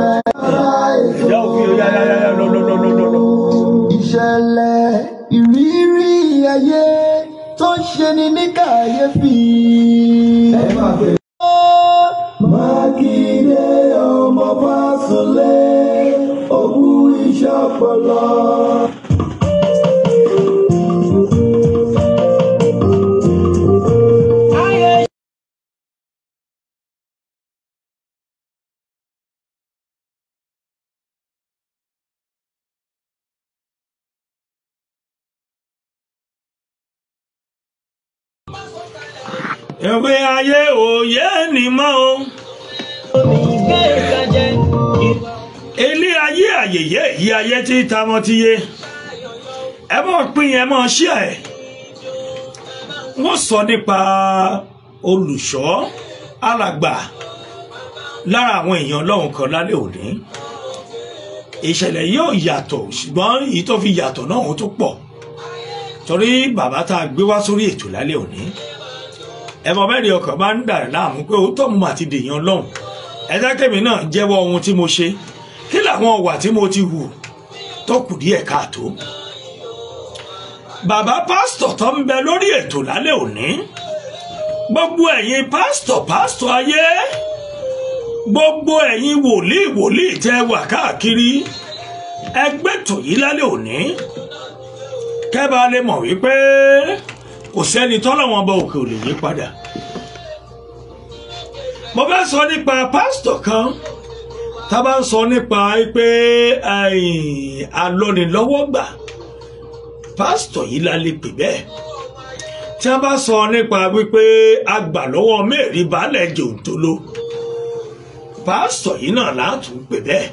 Yá òkè yá yá Ìṣẹ̀lẹ̀ ìrírí ayé tó ń ṣe ni ní kàyéfì. Mákindé ọmọ Fásulẹ̀ òkú iṣẹ́ ọpọlọ. ewé ayé òye ni mọ́ o. ilé ayé àyèyé ìyí ayé tí tamọ ti yé ẹ mọ̀ pín ẹ mọ̀ ṣí ẹ̀ wọ́n sọ nípa olùṣọ́ alàgbà lára àwọn èèyàn ọlọ́run kan lálẹ́ òní ìṣẹ̀lẹ̀ yóò yàtọ̀ ṣùgbọ́n èyí tó fi yàtọ̀ náà ó tó pọ̀ torí bàbá tá a gbé wá sórí ètò lálẹ́ òní ẹ̀fọ́ mẹ́rin ọkàn bá ń dà láàmú pé òótọ́ mu àti dèèyàn lọ́hùn ẹ jẹ́ kémi náà jẹ́wọ́ ohun tí mo ṣe kí làwọn ọ̀wà tí mo ti hù tó kù díẹ̀ káàtó. bàbá pásítọ̀ tó ń bẹ lórí ètò lálẹ́ òní gbogbo ẹ̀yin pásítọ̀ pásítọ̀ ayé gbogbo ẹ̀yin wòlíì wòlíì tẹ wà káàkiri ẹgbẹ́ tòyí lálẹ́ òní kẹ́ bá lè mọ̀ wípé kò sẹ́ni tọ́lọ́wọ́n bá òkè ò lè yí padà mo fẹ́ sọ nípa pásítọ̀ kan tá a bá ń sọ nípa pé alọ́nilọ́wọ́gbà pásítọ̀ yìí la lè pè bẹ́ẹ̀ tí a bá sọ nípa wípé agbà lọ́wọ́ mẹ́rin baálẹ̀ jòun tó ló pásítọ̀ yìí náà látún pè bẹ́ẹ̀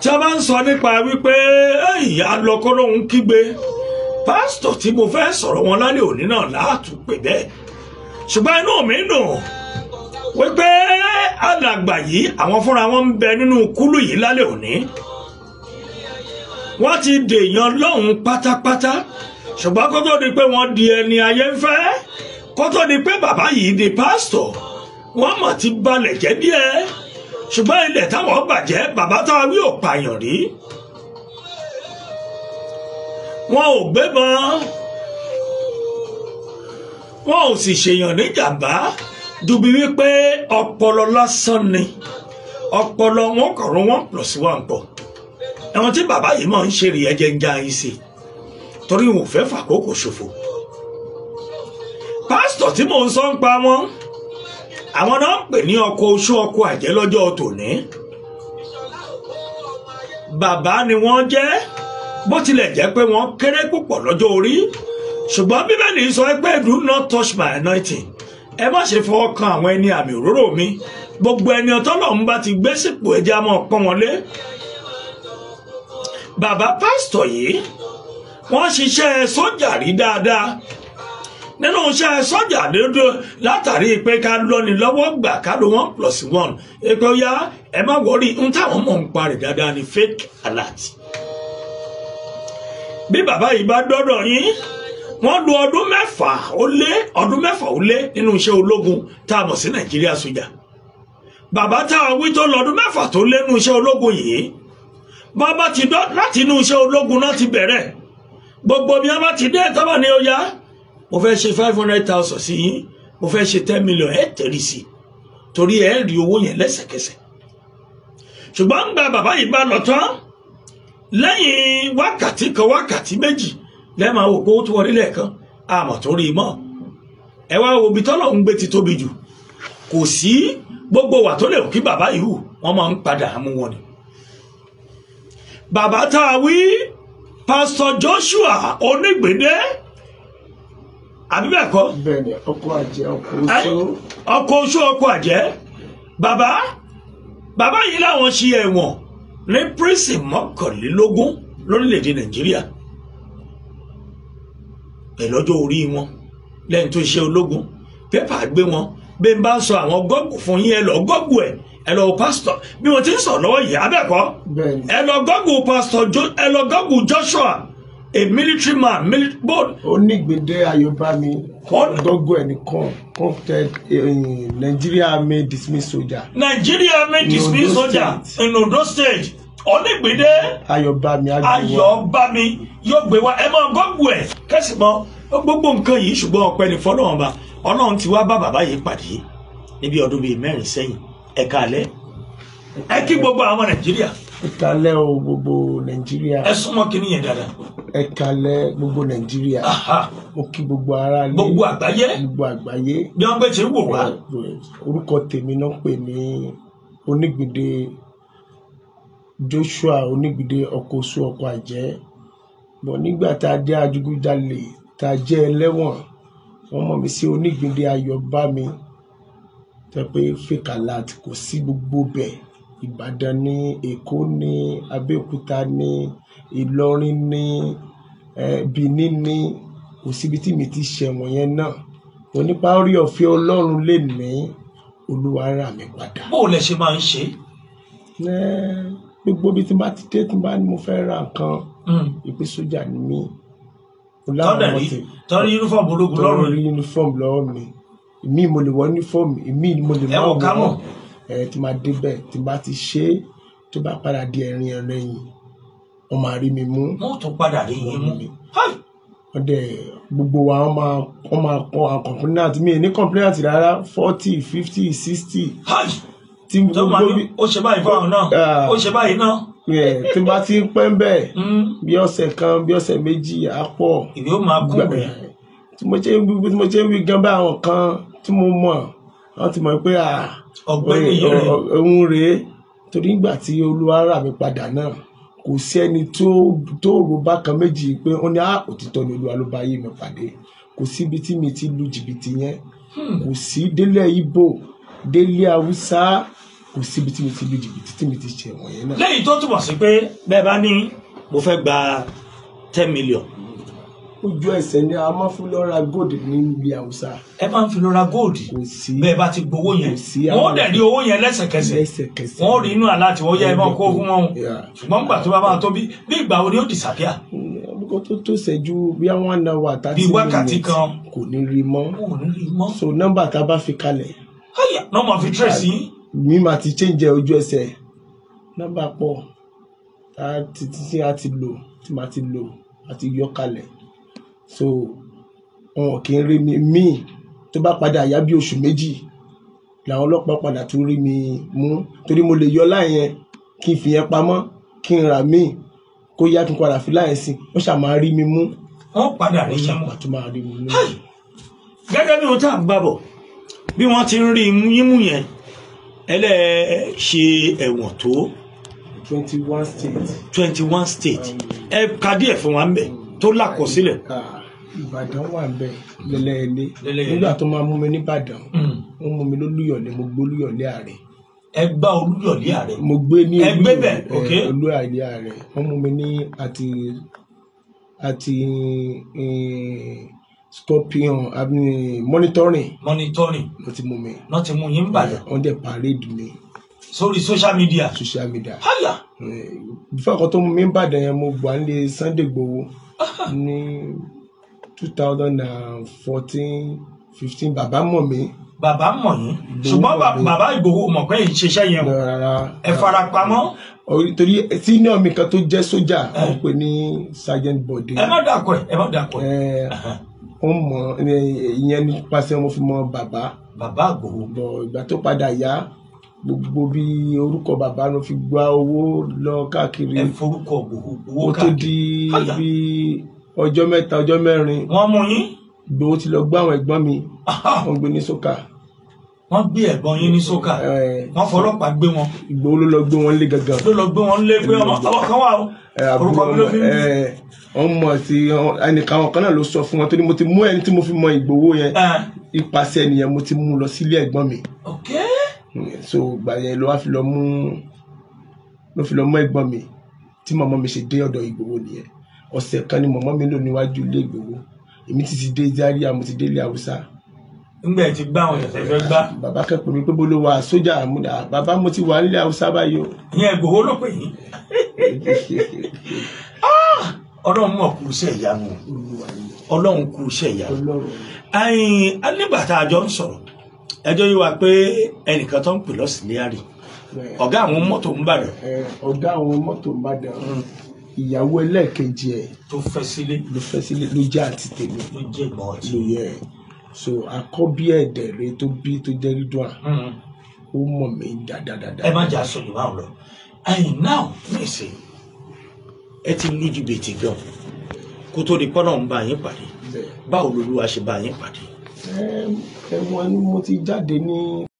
tí a bá ń sọ nípa wípé alọ́kọ́ lòun kígbe pásítọ̀ tí mo fẹ́ sọ̀rọ̀ wọn lálẹ́ òní náà láàtú pé bẹ́ẹ̀ ṣùgbọ́n inú mi dùn wípé alàgbà yìí àwọn fúnra wọn ń bẹ nínú kúlù yìí lálẹ́ òní wọ́n ti dèèyàn lọ́hùn pátápátá ṣùgbọ́n kó tó di pé wọ́n di ẹni ayé ń fẹ́ kó tó di pé bàbá yìí di pásítọ̀ wọ́n mọ̀ ti balẹ̀ jẹ́ díẹ̀ ṣùgbọ́n ilẹ̀ táwọn bàjẹ́ bàbá táwa wí pààyàn rí wọn ò gbébọn wọn ò sì ṣèyàn níjàmbá dubi wípé ọpọlọ lásán ni ọpọlọ wọn kọrọ wọn plus one pọ ẹwọn tí bàbá yìí máa ń ṣe rèé ẹjẹ ń já yín sí torí wọn ò fẹ́ fàkókò ṣòfò pásítọ̀ tí mò ń sọ ń pa wọn àwọn náà ń pè ní ọkọ̀ oṣù ọkọ̀ àjẹ́ lọ́jọ́ tòní bàbá ni wọ́n jẹ́ bó tilẹ̀ jẹ́ pé wọ́n kéré púpọ̀ lọ́jọ́ orí ṣùgbọ́n bíbélì sọ pé do not touch my anointing ẹ má ṣe fọwọ́ kan àwọn ẹni àmì òróró mi gbogbo ẹni ọtọ́lọ́run bá ti gbé sípò ẹja máa pọ́n wọn lé bàbá pásítọ̀ yìí wọ́n ṣiṣẹ́ sójà rí dáadáa nínú iṣẹ́ sójà dédé látàrí pé ká lọ́ni lọ́wọ́ gbà ká ló one plus one èpè ó yá ẹ má wọrí ń táwọn mọ̀ ń parí dáadáa ní fake alert bí bàbá yìí bá dọ́dọ̀ yín wọ́n lò ọdún mẹ́fà ó lé ọdún mẹ́fà ó lé nínú iṣẹ́ ológun tá a mọ̀ sí nàìjíríà sójà bàbá tá a wí tó lọ́dún mẹ́fà tó lé nínú iṣẹ́ ológun yìí bàbá ti dọ́ láti inú iṣẹ́ ológun náà ti bẹ̀rẹ̀ gbogbo mi a ti dé tábà ní ọya mo fẹ́ ṣe five hundred thousand sí yín mo fẹ́ ṣe ten million ẹ̀ tẹ̀rí sí i torí ẹ̀ rí owó yẹn lẹ́sẹ̀kẹsẹ̀ ṣùgbọ́n gba bàbá yìí bá lọ tán lẹ́yìn wákàtí kan wákàtí méjì lẹ́ẹ̀ máa wò pé ó tún wọlé lẹ́ẹ̀kan àmọ́ tó rí i mọ́ ẹ wá wo ibi tọ́lọ̀ ń gbé ti tóbi jù kò sí gbogbo wà tó lè kí bàbá yìí hù máa ń padà mú wọn ni. bàbá tá a wí pásítọ̀ Joshua onígbèdé àbí bẹ́ẹ̀ kọ́. bẹ́ẹ̀ni ọkọ àjẹ́ ọkọ oṣó. ọkọ oṣó bàbá bàbá yìí làwọn ṣe ẹ̀wọ̀n ní pírísì mọ́kànlélógún lórílẹ̀‐èdè nàìjíríà pẹ̀lú ọjọ́ orí wọn lẹ́yìn tó ṣe ológun pépà gbé wọn bí n bá sọ àwọn gọ́gù fún yín ẹ lọ gọ́gù ẹ̀ ẹ lọ pásítọ̀ bí mo ti ń sọ lọ́wọ́ yìí abẹ́kọ́ ẹ lọ gọ́gù pásítọ̀ ẹ lọ gọ́gù Joshua a military man military board. ó ní mi. Dogo ẹni kan prompted eh, Nigeria may dismiss soldier. Nigeria may dismiss soldier in Ondo state. Onígbìdé Ayọ̀bámi Ayọ̀bámi yóò gbé wa ẹ máa gbọ́gbù ẹ̀ kẹ́sì mọ́ gbogbo nǹkan yìí ṣùgbọ́n ọpẹ́ ní fọlọ́run ba Ọlọ́run ti wá bá bàbá yìí pàdé níbi ọdún bíi mẹ́rin sẹ́yìn ẹ̀ka alẹ́ ẹ kí gbogbo àwọn Nàìjíríà ẹ kalẹ́ o gbogbo nàìjíríà. ẹ súnmọ́ kí ni yẹn dáadáa. ẹ kalẹ́ gbogbo nàìjíríà. mo kí gbogbo ará ilé. gbogbo àgbáyé. gbogbo àgbáyé. bí wọn bẹ ti wò wá. orúkọ tèmi náà pè ní onígbìdé joshua onígbìdé ọkọ oṣù ọkọ àjẹ́ bọ nígbà tá a jẹ ajugudalè tá a jẹ ẹlẹ́wọ̀n ọmọ mi sí onígbìdé ayọ̀ bá mi tẹ pé kò sí gbogbo bẹ́ẹ̀. Ìbàdàn ni, Èkó ni, Abẹ́òkúta ni, Ìlọrin ni, Benin ni. Kò sí ibi tí mi ti ṣe wọ̀n yẹn náà. Mo nípa oore ọ̀fẹ́ Ọlọ́run léèní, Olúwa rà mí padà. Bó lẹ ṣe máa ń ṣe? Gbogbo ibi tí mo bá ti dé tí mo bá ní mo fẹ́ ra nǹkan, hmm. ìpè sójà ni mí. Tọ́rí uniform ológun lọ́rùn. Tọ́rí uniform lọ́wọ́ mi. Èmi mo lè wọ uniform, èmi mo lè má wọ. Ẹ wọ kámọ̀ ẹ̀ tí máa dé bẹ̀ tí bá ti ṣe tó bá padà di ẹ̀rin ẹlẹ́yìn wọ́n máa rí mi mú. wọ́n tún padà rí yín mú. wọ́n dẹ̀ gbogbo wa wọ́n máa wọ́n máa kọ́ àwọn complainant mi ní complainant rárá forty fifty sixty. tí gbogbo bí ó ṣe báyìí fáwọn náà ah. ó ṣe báyìí náà. tí n bá ti ń pẹ́ bẹ́ẹ̀ hmm. bí ọ̀sẹ̀ kan bí ọ̀sẹ̀ méjì á pọ̀. ìdí ó máa kú bẹ́ẹ̀. tí mo ṣe ń wí gan bá àwọn kan tí mo mọ̀ wọ́n ti mọ̀ pé ọ̀gbẹ́ni yìí rèé òun rèé torí nígbà tí olúwa rà mí padà náà kò sí ẹni tó rò bákan méjì pé ó ní á òtítọ́ ni olúwa ló bá yé mi pàdé kò sí tí mi ti lu jìbìtì yẹn hmm. kò sí délé ibo délé haúsá kò sí tí mi ti lu jìbìtì tí mi ti ṣe wọ̀nyẹn náà. lẹ́yìn tó túbọ̀ sí pé bẹ́ẹ̀ bá ní mo fẹ́ gba ten million ojú ẹsẹ̀ ni a máa fi lọ́ra gold ní ilẹ̀ haúsá. ẹ máa ń fi lọ́ra gold bẹ́ẹ̀ bá ti gbowó yẹn wọn ò dẹ̀ rí owó yẹn lẹ́sẹ̀kẹsẹ̀ wọn ò rí inú àlá tí wọ́n yá ẹ máa kó fún wọn ṣùgbọ́n gbà tó bá máa tó bí bí ìgbà wo ni ó disappear. Mm, kó tó tó ṣẹ́jú bí àwọn àna wà tá ti wákàtí kan kò ní rí mọ́ so nọ́mbà tá a bá fi kalẹ̀. nọ́mbà fi tírẹ̀sì. mi máa ti change ojú ẹsẹ̀ nọ́mbà pọ̀ tí a ti lò tí màá ti So wọn kì í rí mi mí tó bá padà yá bí oṣù méjì làwọn ọlọ́pàá padà tún rí mi mú torí mo lè yọ láì yẹn kí n fi yẹn pamọ́ kí n rà míì kó yá kí n padà fi láì sí wọ́n ṣà máa rí mi mú. wọ́n padà rí yẹn mú. wọ́n ṣà tún máa rí mi mú. gẹ́gẹ́ bí ohun tá ń bá bí wọ́n ti ń rí yín yẹn ẹlẹ́ẹ̀ṣe ẹ̀wọ̀n tó. twenty one state. twenty one state ẹ kà díẹ̀ fún wa ń bẹ̀ tó làkọsílẹ̀ ìbàdàn wà ń bẹ mm. lẹlẹẹlé nígbà tó máa mú mi nìbàdàn mm. ó mú mi lólùyọ̀lé mo gbé olúyọ̀lé ààrẹ. ẹ gbá olúyọ̀lé ààrẹ. mo gbé ní olúyọ̀lé eh, ààrẹ wọ́n mú mi ní àti àti eh, scorpion monitoring. monitoring. ló ti mú mi. ló ti mú yín bàdàn. Eh, wọ́n dẹ̀ parade mi sórí social media. social media. haya. bí fún àkọ́tọ́ mi ń bàdàn yẹn mo gbà ń lé Sunday Igboho ní. 2014, 15, and fourteen fifteen bàbá mọ̀ mí. bàbá mọ̀ yín ṣùgbọ́n bàbá Ìgbòho mọ̀ pé ìṣiṣẹ́ yẹn o ẹ fara pamọ́. torí senior mi kan tó jẹ́ sójà wọ́n pè ní sergeant Bọ̀dé. ẹ má dàkọ ẹ ẹ má dàkọ ẹ. ó mọ ìyẹn nípasẹ̀ wọn fi mọ bàbá. bàbá Ìgbòho. bọ̀ ìgbà tó padà yá gbogbo bí orúkọ bàbá ló fi gba owó lọ káàkiri. ẹ forúkọ Ìgbòho owó káàkiri. ó tó di bí ọjọ́ mẹ́ta ọjọ́ mẹ́rin. wọ́n mú yín. bí wọ́n ti lọ gbọ́ àwọn ẹ̀gbọ́n mi wọ́n gbé ní sókà. wọ́n gbé ẹ̀gbọ́n yín ní sókà wọ́n fọlọ́pàá gbé wọn. Ìgbòho ló lọ gbé wọn lé gangan. ló lọ gbé wọn lé gbé ọmọ kan wà o. orúkọ mi ló fi ń bí. wọ́n mọ̀ sí ẹnìkan àwọn kan náà ló sọ fún wọn torí mo ti mú ẹni tí mo fi mọ Ìgbòho yẹn ipasẹ̀ ẹnìyẹn mo ti mú lọ sílé ẹ̀gbọ́n mi. so ìgbà yẹn ló wá fi lọ mú ló tí màmá mi ṣe dé ọ̀dọ̀ Ìgbòho nìyẹn ọ̀sẹ̀ kan ni mọ̀mọ́ mi lò níwájú ilé Ìgbòho èmi ti ti dé Zaria mo ti délé Haúsá. ńgbà tí gbá àwọn èèyàn fẹ́ gbá. bàbá kẹ́kọ̀ọ́ mi pé bó ló wà sójà àmúdà bàbá mo ti wà nílé Haúsá báyìí o. ìyẹn Ìgbòho ló pè yín. Ah! ọlọ́run mọ̀ kú iṣẹ́ ìyanu ọlọ́run kú iṣẹ́ ìyanu ẹ̀yìn nígbà tá a jọ ń sọ̀rọ̀ ẹjọ́ yìí wá pé ẹnìkan tó ń pè lọ́sìn ní àrè ọ̀gá àwọn mọ́tò ń bàdàn. ọ̀gá àwọn mọ́tò ń bàdàn ìyàwó ẹlẹ́ẹ̀kejì ẹ̀ tó fẹ́ sílé ló fẹ́ sílé ló jẹ́ àti tèmi ló jẹ́ ìgbọ̀n ló yẹ ẹ̀ so àkọ́bí ẹ̀dẹ̀rẹ̀ tó bí tó jẹ́ rídùn à hmm. ó mọ̀ mí dáadáa. ẹ má jà sọ ìwà ọ̀rọ̀ ẹ̀yin náà nìṣe ẹ ti lójú bèètì gan kó tó di pọ́nà ń bá yín pàdé báwo lolúwa ṣe bá yín pàdé. ẹ ẹ wọn ni mo ti jáde ní.